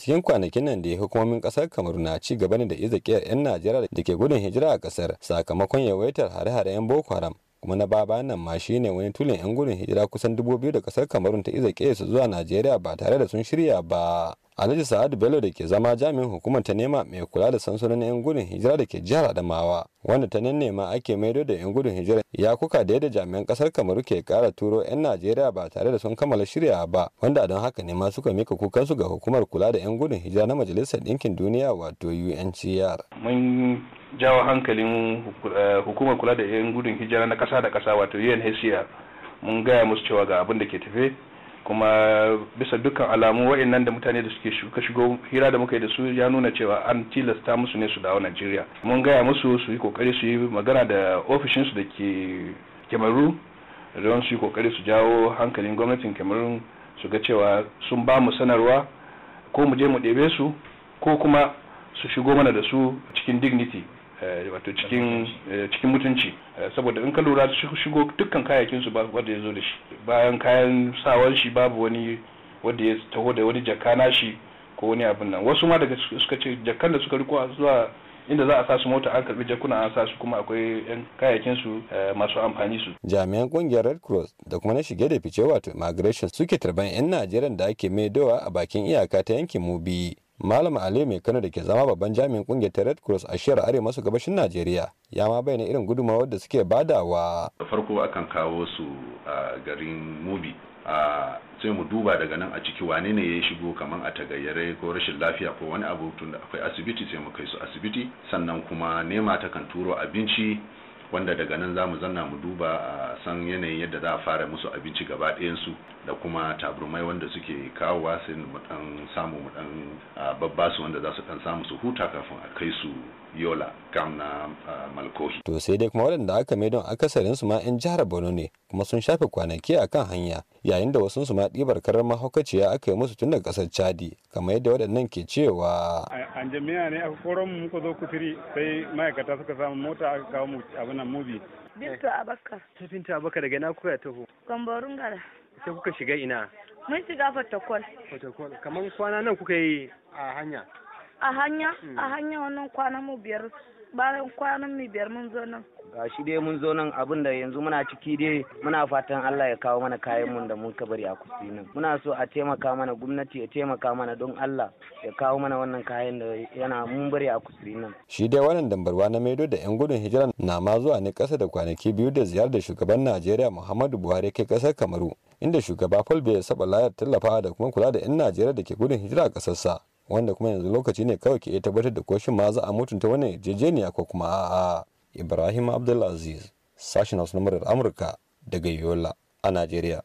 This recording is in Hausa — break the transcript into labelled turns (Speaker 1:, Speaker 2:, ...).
Speaker 1: cikin kwanakin nan da hukumomin kasar kamaru na ci gaba ne da izakiyar 'yan najeriya da ke gudun hijira a kasar sakamakon yawaitar hare-hare 'yan boko haram kuma na baba nan ma shi ne wani tulin 'yan gudun hijira kusan dubu biyu da kasar kamaru ta izakiyar su zuwa najeriya ba tare da sun shirya ba alhaji sa'adu bello da ke zama jami'in hukumar ta nema mai kula da sansanonin yan gudun hijira da ke jihar adamawa wanda ta nan nema ake maido da yan gudun hijira ya kuka da yadda jami'an kasar kamaru ke kara turo yan najeriya ba tare da sun kammala shirya ba wanda don haka ne ma suka mika kukansu ga hukumar kula da yan gudun hijira na majalisar ɗinkin duniya wato uncr
Speaker 2: mun jawo hankalin eh, hukumar kula da yan gudun hijira na kasa da kasa wato unhcr mun gaya musu cewa ga abin da ke tafe kuma bisa dukkan alamu wa'annan da mutane da suke shuka shigo hira da muka yi da su ya nuna cewa an tilasta musu ne su dawo Najeriya mun gaya musu su yi kokari su yi magana da ofishinsu da ke Kemaru don su yi kokari su jawo hankalin gwamnatin Kemaru su ga cewa sun ba mu sanarwa ko mu je mu ɗebe su ko kuma su shigo mana da su cikin dignity Eh, wato cikin eh, cikin mutunci eh, saboda in ka lura shigo dukkan kayayyakin su wanda ya zo da shi bayan kayan sawan shi babu wani wanda ya taho da wani jakka na shi ko wani abin nan wasu ma daga suka ce jakan da suka riko zuwa inda za a sa su mota an karbi jakuna an sa su kuma akwai yan kayayyakin su masu amfani su
Speaker 1: jami'an kungiyar red cross da kuma na shige da fice wato immigration suke tarban yan najeriya da ake maidowa a bakin iyaka ta yankin mubi Malam Ali mai Kano da ke zama babban jami'in kungiyar ta Red Cross a shiyar arewa maso gabashin Najeriya ya ma bayyana irin gudunmawar da suke badawa.
Speaker 3: Da farko akan kawo su a garin Mubi a sai mu duba daga nan a ciki wane ne ya shigo kamar a tagayyare ko rashin lafiya ko wani abu tun da akwai asibiti sai mu kai su asibiti sannan kuma nema ta kan turo abinci wanda daga nan za mu zanna mu duba a san yanayin yadda za a fara musu abinci gaba su da kuma taburmai wanda suke kawowa sai mu dan samu mu dan babba su wanda za su dan samu su huta kafin a kai su yola kam na
Speaker 1: malkohi to sai dai kuma waɗanda aka mai don akasarin su ma 'yan jihar borno ne kuma sun shafe kwanaki a kan hanya yayin da wasu ma ɗibar karar mahaukaciya aka yi musu tun daga ƙasar chadi kamar yadda waɗannan ke cewa an jami'a ne aka koro mu muka zo kufiri sai ma'aikata suka samu mota aka kawo mu abin nan mubi bintu abakar bintu abaka daga ina kuka taho gambarun gara sai kuka shiga ina mun shiga fatakwal fatakwal kamar kwana nan kuka yi a hanya a hanya a hmm. wannan kwanan mu biyar bayan kwanan mu biyar mun zo nan
Speaker 3: ga shi dai mun zo nan abin da yanzu muna ciki dai muna fatan Allah ya kawo mana kayan mun da mun bari a kusi nan muna so a taimaka mana gwamnati ya taimaka mana don Allah ya kawo mana wannan kayan da yana mun bari a kusi nan
Speaker 1: shi dai wannan dambarwa na maido da yan gudun hijira na ma zuwa ne kasa da kwanaki biyu da ziyarar da shugaban Najeriya Muhammadu Buhari kai kasar Kamaru inda shugaba Paul ya saba layar tallafawa da kuma kula da yan Najeriya da ke gudun hijira a kasarsa wanda kuma yanzu lokaci ne kawai ke tabbatar da koshin ma za a mutunta wani jejeniya ko kuma a ibrahim abdulaziz sashen hausa na murar amurka daga yola a najeriya.